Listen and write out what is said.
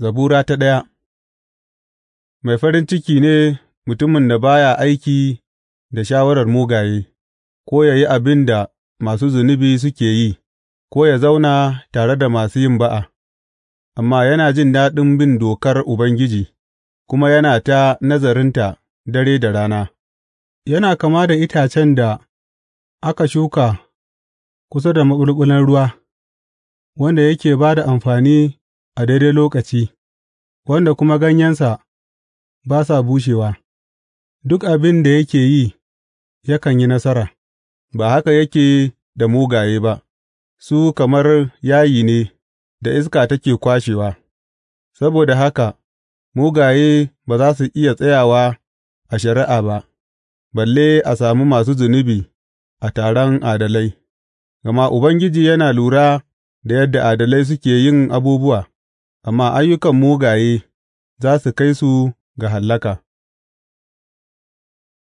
Zabura ta ɗaya Mai farin ciki ne mutumin da ba ya aiki da shawarar mugaye, ko ya yi abin da masu zunubi suke yi, ko ya zauna tare da masu yin ba'a, amma yana jin daɗin bin dokar Ubangiji, kuma yana ta nazarinta dare da rana, yana kama da itacen da aka shuka kusa da maɓulɓulan ruwa, wanda yake ba da amfani a daidai lokaci, wanda kuma ganyensa ba sa bushewa; duk abin da yake yi yakan yi nasara, ba haka yake da mugaye ba, su kamar yayi ne da iska take kwashewa, saboda haka mugaye ba za su iya tsayawa a shari'a ba, balle a sami masu zunubi a taron adalai, gama Ubangiji yana lura da yadda adalai suke yin abubuwa. amma ayyukan mugaye za su kai su ga hallaka.